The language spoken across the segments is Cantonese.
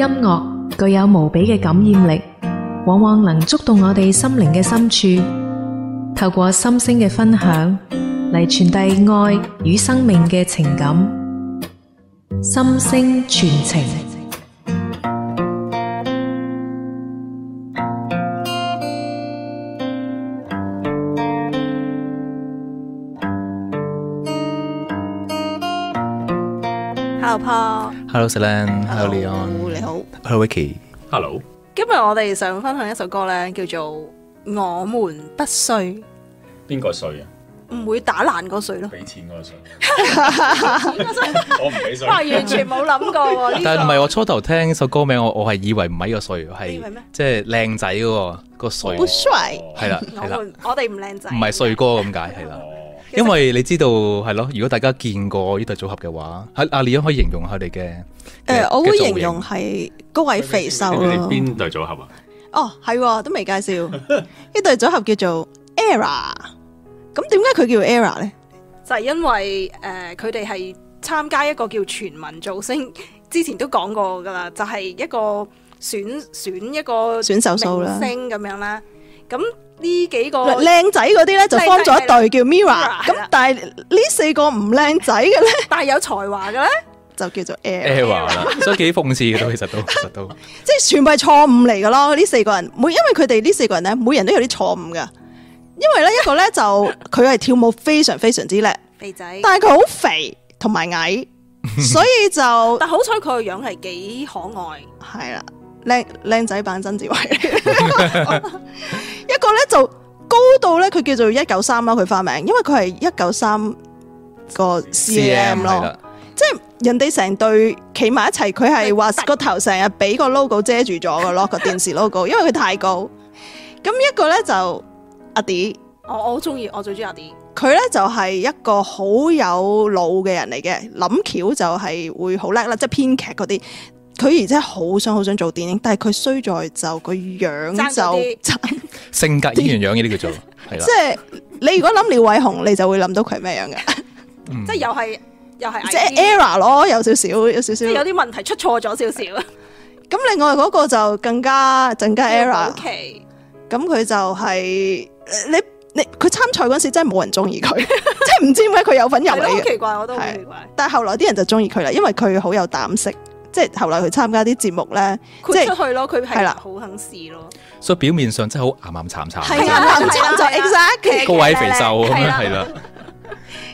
音樂具有無比嘅感染力，往往能觸動我哋心靈嘅深處。透過心聲嘅分享，嚟傳遞愛與生命嘅情感。心聲傳情，好，婆。Hello Celine，Hello Leon，你好，Hello Vicky，Hello。今日我哋想分享一首歌咧，叫做《我們不衰》。邊個衰啊？唔會打爛個衰咯，俾錢個衰。我唔俾衰，我完全冇諗過。但係唔係我初頭聽首歌名，我我係以為唔係個衰，係即係靚仔個個衰。不帥，係啦，我我哋唔靚仔，唔係帥哥咁解，係啦。因為你知道係咯，如果大家見過呢對組合嘅話，阿阿李英可以形容佢哋嘅。誒，呃、我會形容係高矮肥瘦咯。邊對組合啊？哦，係都未介紹，呢對 組合叫做 ERROR。咁點解佢叫 ERROR 咧？就係因為誒，佢哋係參加一個叫全民造星，之前都講過噶啦，就係，是，一個選選一個選手星咁樣啦。咁呢幾個靚仔嗰啲咧就 form 咗一隊叫 Mirror，咁但係呢四個唔靚仔嘅咧，但係有才華嘅咧就叫做 Error 啦，所以幾諷刺嘅都其實都，其實都即係全部係錯誤嚟嘅咯。呢四,四個人每因為佢哋呢四個人咧，每人都有啲錯誤㗎，因為咧一個咧就佢係 跳舞非常非常之叻肥仔，但係佢好肥同埋矮，所以就 但好彩佢個樣係幾可愛，係啦。靚靚仔版曾志偉，一個咧就高到咧，佢叫做一九三啦，佢花名，因為佢係一九三個 CM 咯，即係人哋成對企埋一齊，佢係話個頭成日俾個 logo 遮住咗嘅咯，個電視 logo，因為佢太高。咁一個咧就阿 D，ee, 我我好中意，我最中意阿 D，佢咧就係一個好有腦嘅人嚟嘅，諗橋就係會好叻啦，即係編劇嗰啲。佢而家真係好想好想做電影，但係佢衰在就個樣就點點，性格演員樣呢啲叫做，係啦。即係你如果諗廖偉雄，你就會諗到佢係咩樣嘅，嗯、即係又係又係即係 error 咯，有少少有少少，有啲問題出錯咗少少。咁另外嗰個就更加更加 error 咁佢就係你你佢參賽嗰時真係冇人中意佢，即係唔知點解佢有份入嚟。好奇怪我都好奇怪。奇怪但係後來啲人就中意佢啦，因為佢好有膽識。即係後來去參加啲節目咧，即係出去咯，佢係啦，好肯試咯。所以表面上真係好啱啱，慘慘，係啊，就係 exactly 高矮肥瘦咁樣係啦。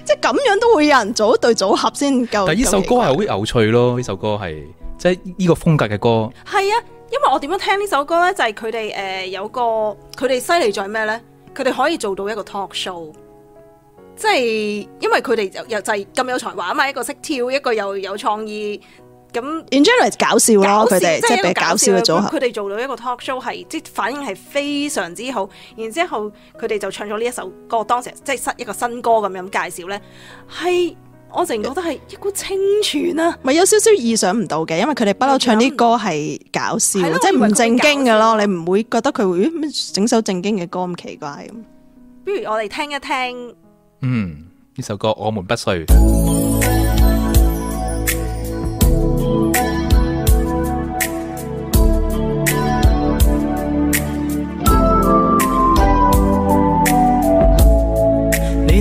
即係咁樣都會有人組一對組合先夠。但呢首歌係好有趣咯，呢首歌係即係呢個風格嘅歌。係啊，因為我點樣聽呢首歌咧，就係佢哋誒有個佢哋犀利在咩咧？佢哋可以做到一個 talk show，即係因為佢哋又又就係咁有才華啊嘛，一個識跳，一個又有創意。咁那 in general 搞笑咯，佢哋即係搞笑嘅們組合。佢哋做到一個 talk show 係，即反應係非常之好。然之後佢哋就唱咗呢一首歌，當時即係新一個新歌咁樣介紹咧，係我成覺得係一股清泉啊！咪、嗯、有少少意想唔到嘅，因為佢哋不嬲唱啲歌係搞笑，嗯、搞笑即係唔正經嘅咯。你唔會覺得佢會整首正經嘅歌咁奇怪？不如我哋聽一聽。嗯，呢首歌我《我們不需》。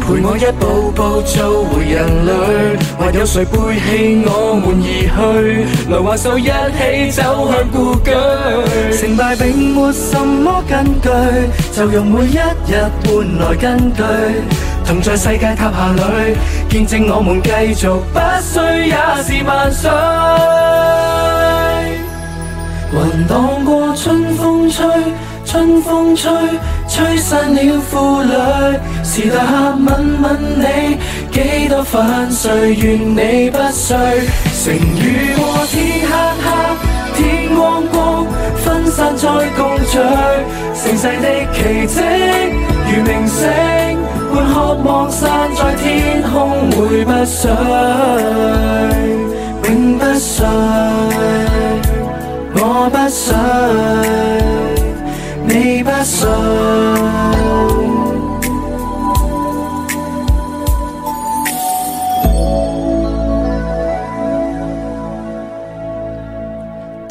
陪我一步步做回人類，還有誰背棄我們而去？來挽手一起走向故居，成敗並沒什麼根據，就用每一日換來根據。同在世界塔下裏見證我們繼續不衰，不需也是萬歲。雲盪過春風吹。春風吹，吹散了負累。時代客，吻吻你，幾多粉碎，願你不碎。晴雨過，天黑黑，天光光，分散再共聚。盛世的奇迹，如明星，會渴望散在天空，會不碎，永不碎，我不碎。即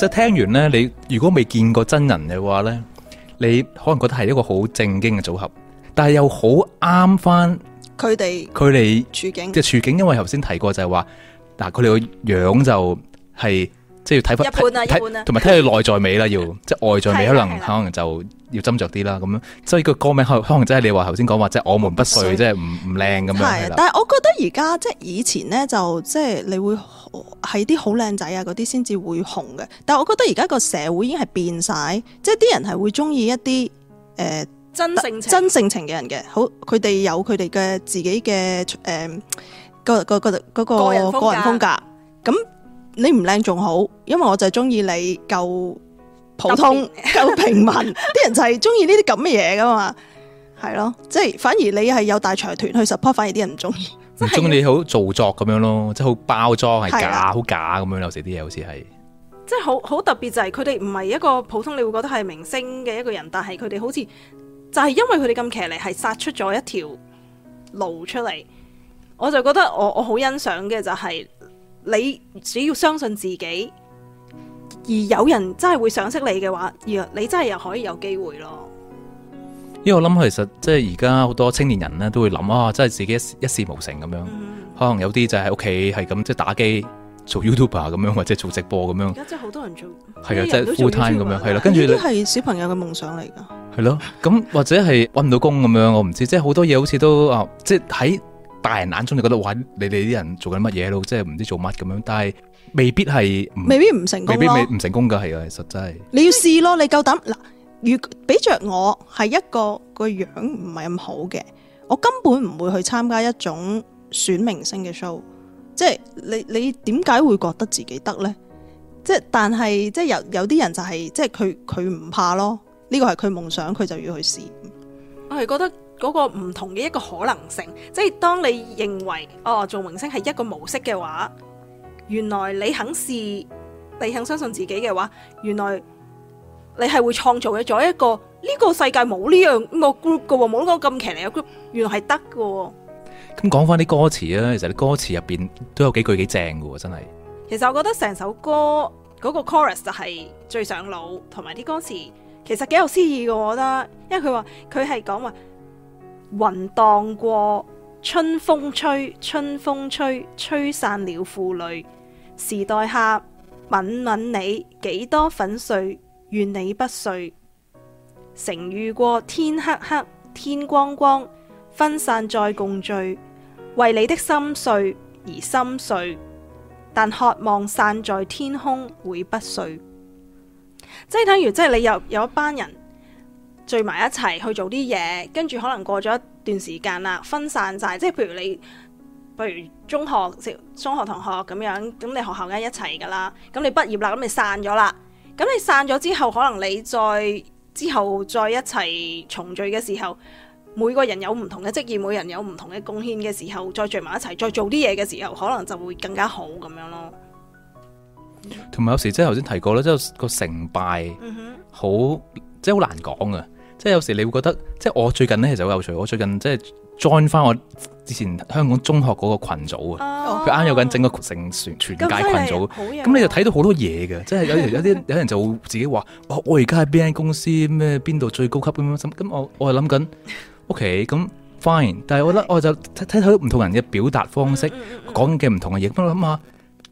係聽完呢，你如果未見過真人嘅話咧，你可能覺得係一個好正經嘅組合，但係又好啱翻，佢哋，佢哋處境，即係處境。因為頭先提過就係話，嗱，佢哋個樣就係。即係要睇翻一半啊，一半啊同埋睇佢內在美啦，是的 要即係外在美可能可能就要斟酌啲啦。咁，即係個歌名可能可能真係你話頭先講話，即係我們不帥，即係唔唔靚咁樣。係，的的但係我覺得而家即係以前咧，就即係、就是、你會係啲好靚仔啊嗰啲先至會紅嘅。但係我覺得而家個社會已經係變晒，即係啲人係會中意一啲誒真性真性情嘅人嘅。好，佢哋有佢哋嘅自己嘅誒、呃個、個、個嗰、個、個人風格咁。那個那個.你唔靚仲好，因為我就係中意你夠普通、夠平民，啲 人就係中意呢啲咁嘅嘢噶嘛，係咯，即係反而你係有大財團去 support，反而啲人唔中意，唔中意好做作咁樣咯，即係好包裝係假，是啊、假好假咁樣，有時啲嘢好似係，即係好好特別就係佢哋唔係一個普通你會覺得係明星嘅一個人，但係佢哋好似就係因為佢哋咁騎力，係殺出咗一條路出嚟，我就覺得我我好欣賞嘅就係、是。你只要相信自己，而有人真係會賞識你嘅話，你真係又可以有機會咯。因為我諗其實即係而家好多青年人咧都會諗啊，真係自己一事無成咁樣，嗯、可能有啲就喺屋企係咁即係打機做 YouTuber 咁樣，或者做直播咁樣。而家真係好多人做，係啊是，即係 full time 咁樣，係啦后。跟住都係小朋友嘅夢想嚟㗎。係咯，咁或者係揾唔到工咁樣，我唔知。即係好多嘢好似都啊，即係喺。大人眼中就覺得哇，你哋啲人做緊乜嘢咯？即係唔知做乜咁樣，但係未必係未必唔成功，未必未唔成功噶係啊！實際係你要試咯，你夠膽嗱？如俾着我係一個個樣唔係咁好嘅，我根本唔會去參加一種選明星嘅 show 即。即係你你點解會覺得自己得咧？即係但係即係有有啲人就係、係、即係佢佢唔怕咯，呢個係佢夢想，佢就要去試。我係覺得。嗰個唔同嘅一個可能性，即係當你認為哦做明星係一個模式嘅話，原來你肯試，你肯相信自己嘅話，原來你係會創造咗一個呢、呢個世界冇呢樣個 group 嘅喎，冇呢個咁騎呢嘅 group，原來係得嘅。咁講返啲歌詞咧，其實啲歌詞入邊都有幾句幾正嘅喎，真係、那個。其實我覺得成首歌嗰個 chorus 就係最上腦，同埋啲歌詞其實幾有詩意嘅。我覺得，因為佢話佢係講話。雲蕩過，春風吹，春風吹，吹散了負累。時代下，吻吻你，幾多粉碎，願你不碎。成遇過天黑黑，天光光，分散再共聚，為你的心碎而心碎，但渴望散在天空會不碎。即係，等於，即係你有有一班人。聚埋一齊去做啲嘢，跟住可能過咗一段時間啦，分散晒，即係譬如你，譬如中學即中學同學咁樣，咁你學校梗係一齊噶啦，咁你畢業啦，咁你散咗啦。咁你散咗之後，可能你再之後再一齊重聚嘅時候，每個人有唔同嘅職業，每個人有唔同嘅貢獻嘅時候，再聚埋一齊，再做啲嘢嘅時候，可能就會更加好咁樣咯。同埋有,有時即係頭先提過啦，即係個成敗好、mm hmm. 即係好難講啊。即係有時你會覺得，即係我最近咧其實好有趣。我最近即係 join 翻我之前香港中學嗰個羣組啊，佢啱有緊整個成全全，全屆羣組。咁你，你就睇到好多嘢嘅， 即係有有啲有人就會自己話、哦：我而家喺邊間公司咩？邊度最高級咁咁。我我係諗緊，OK 咁 fine。但係我覺得是的我就睇睇到唔同人嘅表達方式，講嘅唔同嘅嘢，都諗下，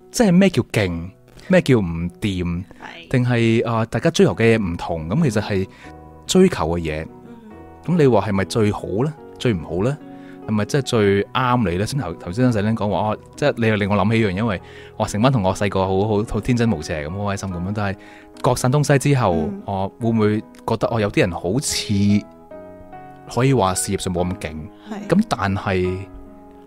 即係咩叫勁？咩叫唔掂？定係啊？大家追求嘅嘢唔同，咁其實係。追求嘅嘢，咁你話係咪最好咧？最唔好咧？係咪即係最啱你咧？先頭頭先啲細 l i 講話哦，即係你又令我諗起樣，因為我成班同我細個好好好天真無邪咁，好開心咁樣。但係各散東西之後，我、嗯哦、會唔會覺得我有啲人好似可以話事業上冇咁勁，咁的但係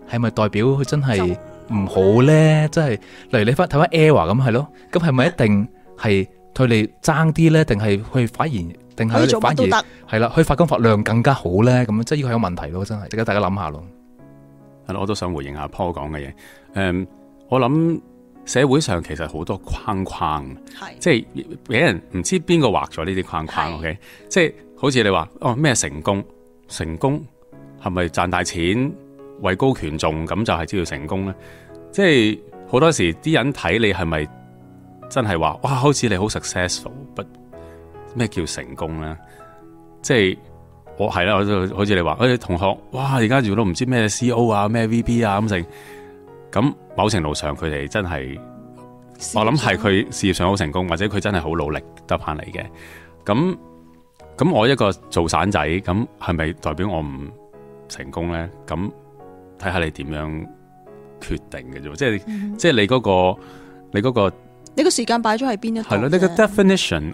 係咪代表佢真係唔好咧？即係就、就是、例如你翻睇翻 Air 華咁係咯，咁係咪一定係佢哋爭啲咧？定係佢反而？定係反而係啦，去發光發亮更加好咧。咁即係呢個有問題咯，真係。而家大家諗下咯。係咯，我都想回應下 Paul 講嘅嘢。誒，我諗社會上其實好多框框，係是即係俾人唔知邊個畫咗呢啲框框。是 o、okay? K，即係好似你話哦，咩成功？成功係咪賺大錢、位高權重咁就係知道成功咧？即係好多時啲人睇你係咪真係話哇，好似你好 successful 不？咩叫成功咧？即係我係啦，我就好似你話嗰啲同學，哇，而家做到唔知咩 C.O. 啊，咩 V.P. 啊，咁成咁。某程度上他們，佢哋真係我諗係佢事業上好成功，或者佢真係好努力得翻嚟嘅。咁咁，那我一個做散仔，咁係咪代表我唔成功咧？咁睇下你點樣決定嘅啫，即係、嗯、即係你嗰、那個你嗰個你個時間擺咗喺邊一度係咯，你、那個 definition。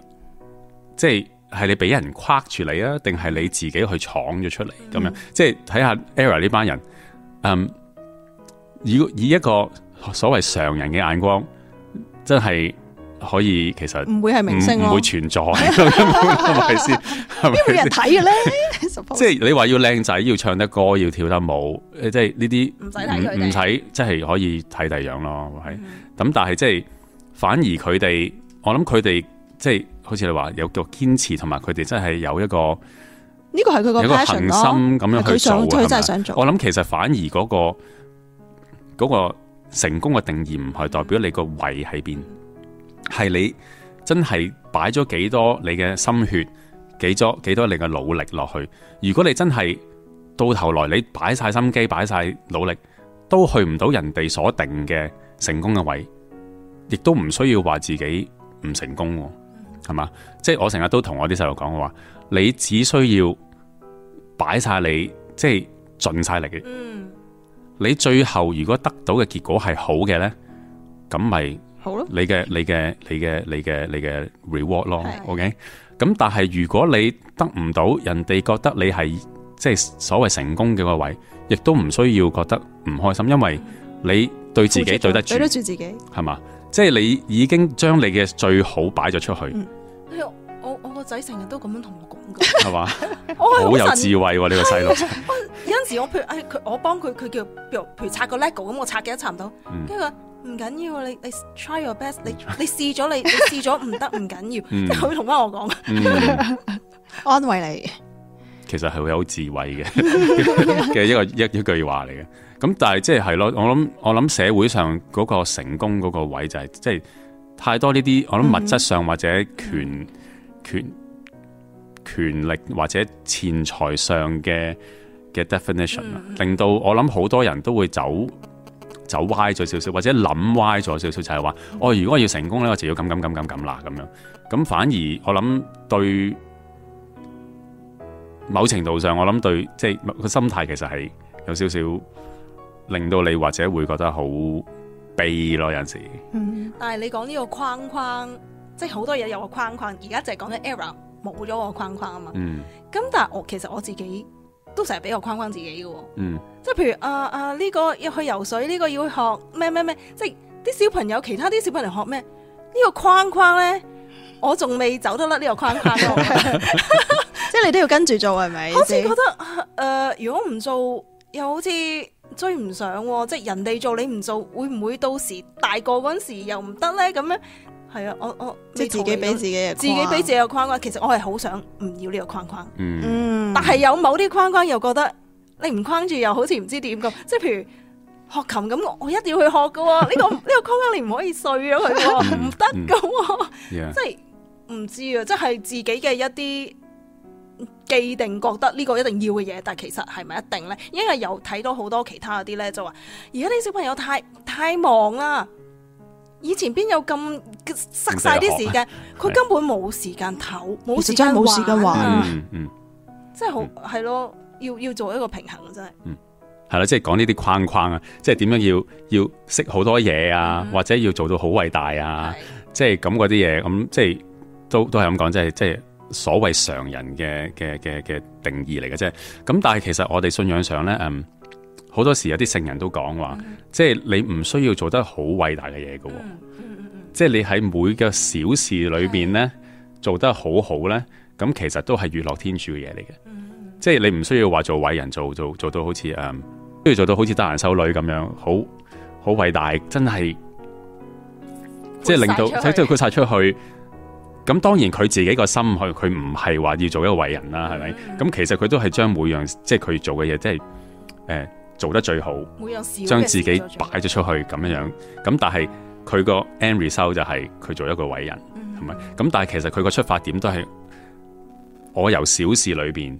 即係係你俾人框住你啊，定係你自己去闖咗出嚟咁樣？嗯、即係睇下 era 呢班人，嗯，以以一個所謂常人嘅眼光，真係可以其實唔會係明星、啊，唔會存在係咪先？點解有人睇嘅咧？即係你話要靚仔，要唱得歌，要跳得舞，誒，即係呢啲唔唔使，即係、就是、可以睇第樣咯，係咁、嗯。但係即係反而佢哋，我諗佢哋。即係好似你話有個堅持同埋佢哋真係有一個呢個係佢個一個恆心咁樣去做，係咪？佢想做真係想做。我諗其實反而嗰個嗰個成功嘅定義唔係代表你個位喺邊，係、嗯、你真係擺咗幾多你嘅心血，幾多幾多你嘅努力落去。如果你真係到頭來你擺晒心機、擺晒努力，都去唔到人哋所定嘅成功嘅位，亦都唔需要話自己唔成功。哦。係嘛？即係我成日都同我啲細路講，我話你只需要擺晒你，即係盡晒力嘅。嗯。你最後如果得到嘅結果係好嘅咧，咁咪好咯。你嘅你嘅你嘅你嘅你嘅 reward 咯，OK。咁但係如果你得唔到，人哋覺得你係即係所謂成功嘅位，亦都唔需要覺得唔開心，因為你對自己對得住，對得住自己，係嘛？即係你已經將你嘅最好擺咗出去。嗯個仔成日都咁樣同我講㗎，係嘛？好有智慧喎，呢個細路。有陣時我譬如，哎，佢我幫佢，佢叫，譬如拆個 lego 咁，我拆幾都拆唔到。跟住佢話唔緊要，你你 try your best，你你試咗，你試咗唔得，唔緊要。佢會同翻我講，安慰你。其實係會好智慧嘅嘅一個一一句話嚟嘅。咁但係即係係咯，我諗我諗社會上嗰個成功嗰個位就係即係太多呢啲，我諗物質上或者權。權權力或者錢財上嘅嘅 definition，嗯，令到我諗好多人都會走走歪咗少少，或者諗歪咗少少，就係話我如果我要成功咧，我就要咁咁咁咁咁啦咁樣。咁反而我諗對某程度上，我諗對即係個心態，其實係有少少令到你或者會覺得好悲咯，有時，嗯。但係你講呢個框框。即係好多嘢有個框框，而家就係講緊 error 冇咗個框框啊嘛。咁、嗯、但係我其實我自己都成日俾個框框自己嘅、哦。嗯、即係譬如、呃、啊啊呢、呢個要去游水，呢、呢個要去學咩咩咩，即係啲小朋友其他啲小朋友學咩？呢、呢個框框咧，我仲未走得甩呢個框框。即係你都要跟住做係咪？是不是好似覺得誒、呃，如果唔做，又好似追唔上、哦。即係人哋做，你唔做，會唔會到時大個嗰陣時又唔得咧？咁咧？係啊，我我即係自己俾自己框框，自己俾自己嘅框框。其實我係好想唔要呢個框框，嗯，但係有某啲框框又覺得你唔框住，又好似唔知點咁。即係 譬如學琴咁，我一定要去學噶啊，呢個呢個框框你唔可以碎咗佢，唔得噶，即係唔知啊。即係自己嘅一啲既定覺得呢個一定要嘅嘢，但係其實係咪一定咧？因為有睇到好多其他嗰啲咧，就話而家啲小朋友太太忙啦。以前邊有咁塞晒啲時間，佢根本冇時間唞，冇時間、嗯即係、時間玩、啊嗯，嗯，真係好係咯，要要做一個平衡真係，嗯，係啦，即係講呢啲框框啊，即係點樣要要識好多嘢，啊或者要做到好偉大啊，即係咁嗰啲嘢，咁即係都都係咁講，即係即係所謂常人嘅嘅嘅嘅定義嚟嘅啫。咁、即係、但係其實我哋信仰上咧，嗯好多時有啲聖人都講話，嗯、即係你唔需要做得好偉大嘅嘢嘅，嗯嗯、即係你喺每個小事裏邊咧做得好好咧，咁其實都係娛樂天主嘅嘢嚟嘅，嗯、即係你唔需要話做偉人，做做做到好似誒都要做到好似德蘭修女咁樣，好好偉大，真係即係令到即係佢殺出去。咁、嗯、當然佢自己個心去，佢唔係話要做一個偉人啦，係咪？咁、嗯嗯、其實佢都係將每樣即係佢做嘅嘢，即係誒。做得最好，將自己擺咗出去咁好樣樣咁。但係佢個 end result 就係佢做一個偉人，係咪咁？是是但係其實佢個出發點都係我由小事裏邊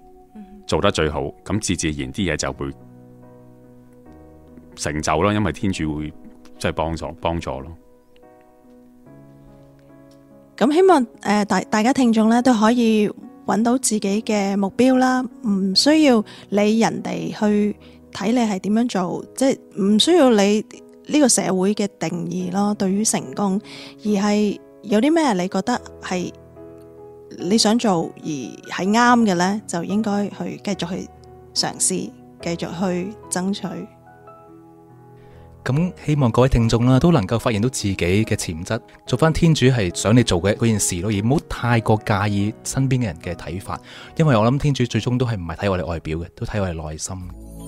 做得最好，咁自自然啲嘢，就會成就咯。因為天主會即係幫助幫助咯。咁希望誒、呃、大大家聽眾咧都可以揾到自己嘅目標啦，唔需要理人哋去。睇你係點樣做，即係唔需要你呢個社會嘅定義咯。對於成功，而係有啲咩你覺得係你想做而係啱嘅呢，就應該去繼續去嘗試，繼續去爭取。咁希望各位聽眾啦、啊、都能夠發現到自己嘅潛質，做翻天主係想你做嘅嗰件事咯。而唔好太過介意身邊嘅人嘅睇法，因為我諗天主最終都係唔係睇我哋外表嘅，都睇我哋內心的。